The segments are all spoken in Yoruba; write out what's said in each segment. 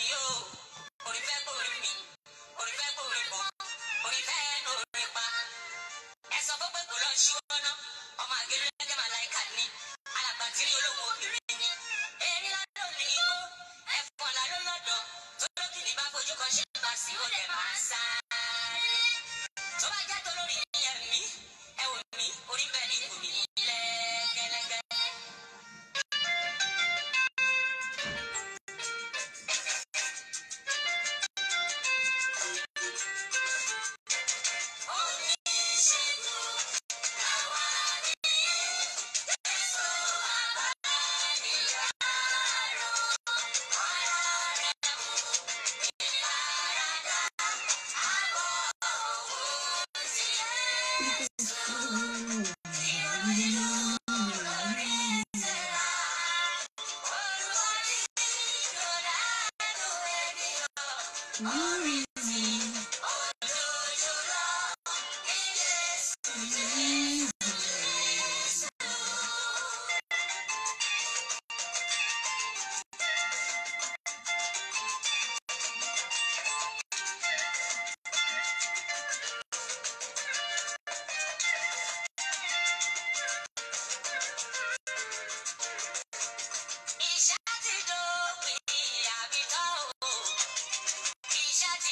mi o kò ní fẹ́ kó rí mi Yes.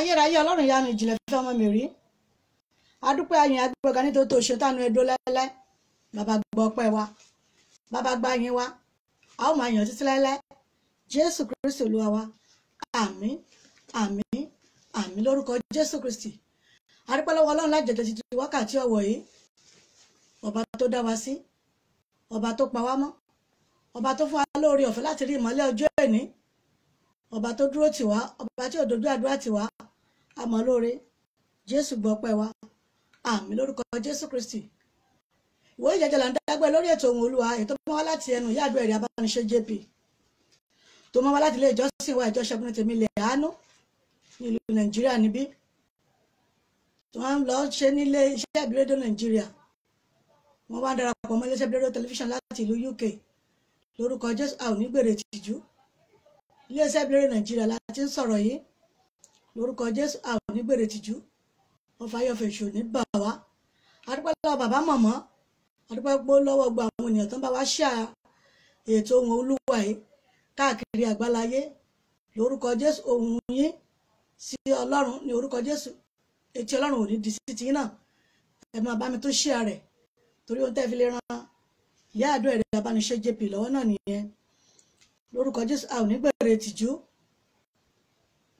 ayérayé ọlọ́run ìyanu ìjìnlẹ̀ fífẹ́ ọmọ mi rí adúpẹ́ ayìn agbẹ́gbẹ́ga nítorí tó ṣe tánu ẹdó lẹ́lẹ́ bàbá gbọ́ ọpẹ́ wa bàbá gbá yín wa a ó máa yàn títí lẹ́lẹ́ jésù kristi olúwa wa àmín àmín àmín lórúkọ jésù kristi adúpẹ́ lọ́wọ́ ọlọ́run lájẹ̀dẹ̀ ti ti wákàtí ọ̀wọ̀ yìí ọba tó dá wa sí ọba tó pa wá mọ́ ọba tó fún wa lóore ọ̀fẹ́ láti rí ìmọ́lẹ̀ ọjọ́ ẹ̀ní ọba tó dúró tì ọba tí òdodo àdúrà tì àmọ́ lóore jésù gbọ́ pẹ́ wa àmì lórúkọ jésù kristi ìwé ìjẹjẹ là ń dágbẹ́ lórí ètò ohun olúwa ètò mọ́ wá láti ẹnu ìyá àdúrà èrè abániṣe jp tó mọ́ wá láti ilé ìjọsìn wa ìjọ ṣẹ́gun tèmi ilẹ̀ àánú ní ìlú nàìjíríà níbí tó wọ́n ń lọ ṣe nílé iṣẹ́ ìbírédò nàìjíríà wọ́n wá ń darapọ̀ mọ́ iléeṣẹ́ ìbírédò tẹlifíṣàn láti ìlú uk lórúkọ jésù a ò ní gbèrè tìjú iléeṣẹ́ ìbírédò nàìjíríà láti ń sọ̀rọ̀ yìí lórúkọ jésù àwọn onígbèrè tìjú ọfà ayọ̀fẹ̀ṣọ ní bàbá adúpẹ́ lọ́wọ́ bàbá mọ̀mọ́ adúpẹ́ pọ́ lọ́wọ́ gba àwọn ènìyàn tó ń bá wa ṣà ètò ohun olúwa yìí káàkiri àgbáláyé lórúkọ jésù ohun yín sí ọlọ́run ní orúkọ jésù etí ọlọ́run ò ní di sí tiyín náà ẹ máa bá mi tó ṣíà rẹ̀ torí ohun tẹ́ fi lè ran ìyá àdó ẹ̀rẹ́ abániṣẹ́ jp lọ́wọ́ náà nìyẹn lórúkọ jésù a ò tìjú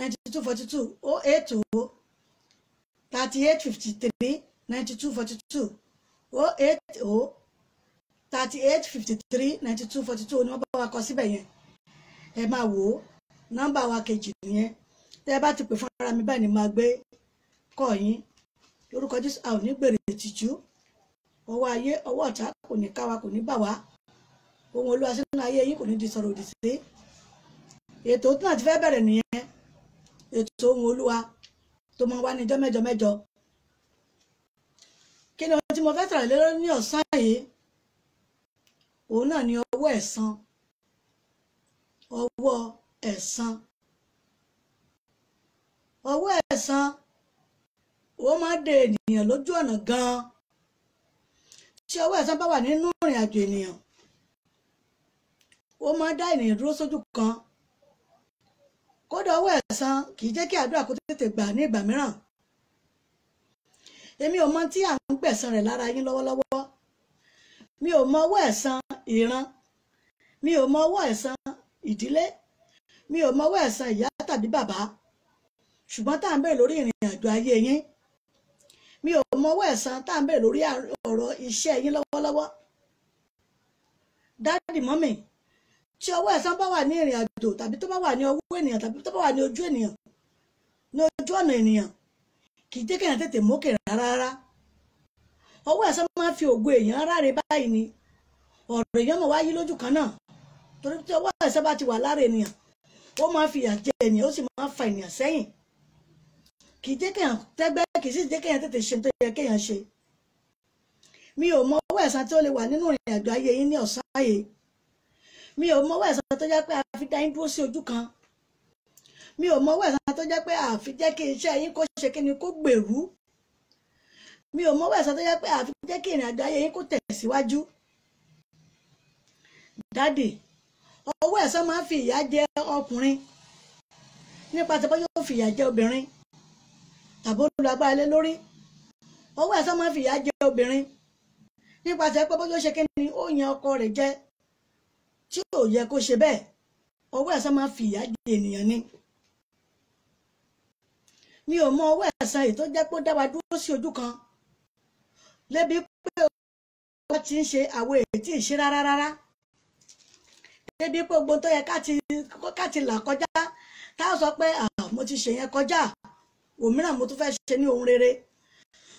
ninety two eight oh thirty eight fifty eight oh thirty eight fifty wọ́n bá wa kọ síbẹ̀ yẹn ẹ máa wò ó nọ́mbà wa kejì nìyẹn tẹ́ ẹ bá ti pè fún ara mi báyìí ni máa gbé kọ́ yín lórúkọ Jésù a ò ní gbèrè tìjú ọwọ́ ayé ọwọ́ ọ̀tá kò ní ká wa kò ní bà wá ohun Olúwa sínú ayé yín kò ní di sọ̀rọ̀ òdì sí ètò tó náà ti fẹ́ bẹ̀rẹ̀ nìyẹn ètò ohun olúwa tó máa wá ní ọjọ́ mẹ́jọ mẹ́jọ kí ni ohun tí mo fẹ́ sọ̀rọ̀ lé lórí ní ọ̀sán yìí òun náà ni ọwọ́ ẹ̀san ọwọ́ ẹ̀san ọwọ́ ẹ̀san ó máa dè ènìyàn lójú ọ̀nà gan-an tí ọwọ́ ẹ̀san bá wà nínú ìrìn àjò ènìyàn ó máa dá ènìyàn dúró sójú kan kódà ọwọ́ ẹ̀san kì í jẹ́ kí àdúrà kó tètè gbà ní ìgbà mìíràn èmi ò mọ tí à ń gbẹ̀san rẹ̀ lára yín lọ́wọ́lọ́wọ́ mi ò mọ ọwọ́ ẹ̀san ìran mi ò mọ ọwọ́ ẹ̀san ìdílé mi ò mọ ọwọ́ ẹ̀san ìyá tàbí bàbá ṣùgbọ́n tá à ń bẹ̀rẹ̀ lórí ìrìn àjò ayé yín mi ò mọ ọwọ́ ẹ̀san tá à ń bẹ̀rẹ̀ lórí ọ̀rọ̀ iṣẹ́ yín lọ́wọ́lọ́wọ́ dáàdì mọ́mì tí ọwọ́ ẹ̀sán bá wà ní ìrìn àjò tàbí tó bá wà ní ọwọ́ ènìyàn tàbí tó bá wà ní ojú ènìyàn ní ojú ọ̀nà ènìyàn kì í jẹ́ kéèyàn tètè mókè rárá ọwọ́ ẹ̀sán máa ń fi ògo èèyàn ráre báyìí ni ọ̀rọ̀ èèyàn mọ̀ wáyé lójú kan náà torí tí ọwọ́ ẹ̀sán bá ti wà lára ènìyàn ó máa ń fi ìyà jẹ ènìyàn ó sì máa ń fa ènìyàn sẹ́yìn kì í jẹ́ kéèyàn tẹ́gbẹ́ kì í sì jẹ́ kéèyàn tètè ṣe tó yẹ kéèyàn ṣe mi ò mọ ọwọ́ ẹ̀sán tí ó lè wà nínú ìrìn àjò mi ò mọ́wọ́ ẹ̀san tó jẹ́ pé àfi dá yín dúró sí ojú kan mi ò mọ́wọ́ ẹ̀san tó jẹ́ pé àfi jẹ́ kí iṣẹ́ yín kó ṣe kí ni kó gbèrú mi ò mọ́wọ́ ẹ̀san tó jẹ́ pé àfi jẹ́ kí ìrìn àjò ayé yín kó tẹ̀síwájú dáàdì ọwọ́ ẹ̀san máa ń fi ìyà jẹ ọkùnrin nípa tí wọ́n yóò fi ìyà jẹ obìnrin tàbí olùlágbára lé lórí ọwọ́ ẹ̀san máa ń fi ìyà jẹ obìnrin nípasẹ̀ pé bójú ṣe kí ni ó yan ọkọ rẹ̀ jẹ́ tí ò yẹ kó ṣe bẹ́ẹ̀ ọwọ́ ẹ̀san máa fi ìyà jẹ ènìyàn ni mi ò mọ ọwọ́ ẹ̀san èyí tó jẹ́ pé ó dá wa dúró sí ojú kan lébi pé ó ti ń ṣe àwọn èyí tí ì ṣe rárá rárá débi pé ogun tó yẹ ká là kọjá tá a sọ pé mo ti ṣèyẹn kọjá òmíràn mo tún fẹ́ ṣe ní ohun rere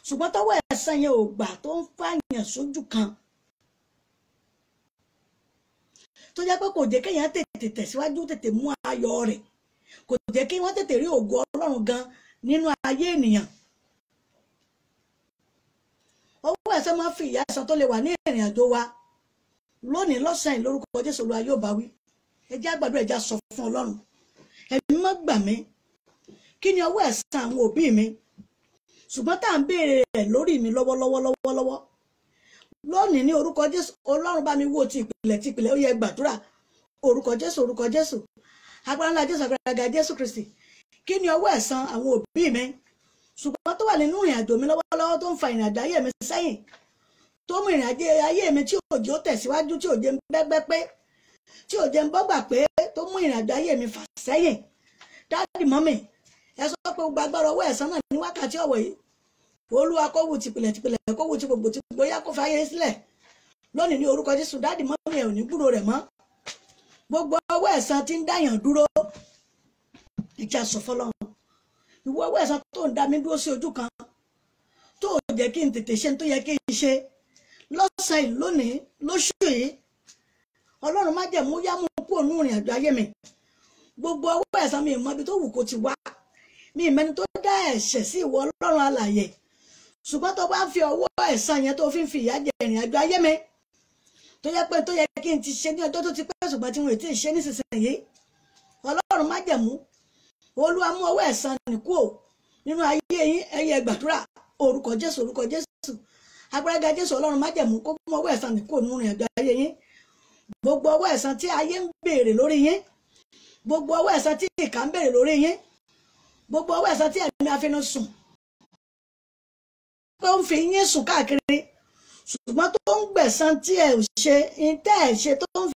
ṣùgbọ́n tọ́wọ́ ẹ̀san yẹn ò gbà tó ń fàyàn sójú kan tó jẹ́ pé kò jẹ́ kéèyàn tètè tẹ̀síwájú tètè mú ayọ̀ rẹ̀ kò jẹ́ kí wọ́n tètè rí ògo Ọlọ́run gan nínú ayé ènìyàn ọwọ́ ẹ̀sẹ̀ máa ń fi ìyà sọ tó lè wà ní ìrìn àjò wa lónìí lọ́sàn-án lórúkọ Jésù Olúwa yóò bá wí ẹ àgbàdo ẹ sọ fún Ọlọ́run ẹ̀mí má gbà mí kí ni ọwọ́ ẹ̀san àwọn òbí mi ṣùgbọ́n tá à ń béèrè rẹ̀ lórí mi lọ́wọ́lọ́wọ́ lónìí ní orúkọ jésù ọlọ́run bá mi wò ti ìpìlẹ̀ ti ìpìlẹ̀ ó yẹ gbàdúrà orúkọ jésù orúkọ jésù agbára ńlá jésù àgbàlagbà jésù kristi kí ni ọwọ́ ẹ̀san àwọn òbí mi ṣùgbọ́n tó wà nínú ìrìn àjò mi lọ́wọ́lọ́wọ́ tó ń fa ìrìn àjò ayé mi sẹ́yìn tó mú ìrìn àjò ayé mi tí òjò tẹ̀síwájú tí òjò ń bẹ́gbẹ́ pé tí òjò ń bọ́gbà pé tó mú ìrìn àjò ayé mi fà sẹ́yìn dáàdì mọ́mì ẹ sọ pé gbogbo agbára ọwọ́ ẹ̀san náà ní wákàtí ọ̀wọ̀ yìí olúwa kó wù tìpìlẹ̀ tìpìlẹ̀ kó wù ti gbogbo ti gbóyá kó fàyè sílẹ̀ lónìí ní orúkọ jésù dáàdì mọ́mí ẹ̀ ò ní gbúrò rẹ̀ mọ́ gbogbo ọwọ́ ẹ̀san tí ń dáyàn dúró ìjà sọ fọlọ́run ìwọ ọwọ́ ẹ̀san tó ń dá mi dúró sí ojú kan tó jẹ́ kí n tètè ṣe tó yẹ kí n ṣe lọ́sàn-án lónìí lóṣù yìí ọlọ́run má jẹ̀mú yá mú kú òun rìn àjò ayé mi gbogbo ọwọ́ ẹ̀san mi ìmọ̀ ibi tó wù kó ti wá mi ìmẹ́ni tó dá ẹ̀ṣẹ̀ sí ìwọ ọlọ́run alàyè ṣùgbọ́n tó bá ń fi ọwọ́ ẹ̀san yẹn tó fi ń fi ìyà jẹ ìrìn àjò ayé mi tó yẹ pé tó yẹ kí n ti ṣe ní ọjọ́ tó ti pẹ́ ṣùgbọ́n tí wọn ò tí ì ṣe nísinsìnyí ọlọ́run má jẹ̀mú olúwa mú ọwọ́ ẹ̀san nìkú o nínú ayé yín ẹ̀yẹ gbàdúrà orúkọ jésù orúkọ jésù agbára jésù ọlọ́run má jẹ̀mú kó mú ọwọ́ ẹ̀san nìkú nínú ìrìn àjò ayé yín gbogbo ọwọ́ ẹ̀san tí ayé ń béèrè lórí yín gbogbo ọwọ́ ẹ̀san tí ìkà ń béèrè lórí yín gbogbo ọwọ́ ẹ̀san tí ẹ̀mí afinú sùn pé ó ń fi yín sùn káàkiri ṣùgbọ́n tó ń gbẹ̀san tí ẹ̀ ò ṣe ní tẹ́ ẹ̀ ṣe tó ń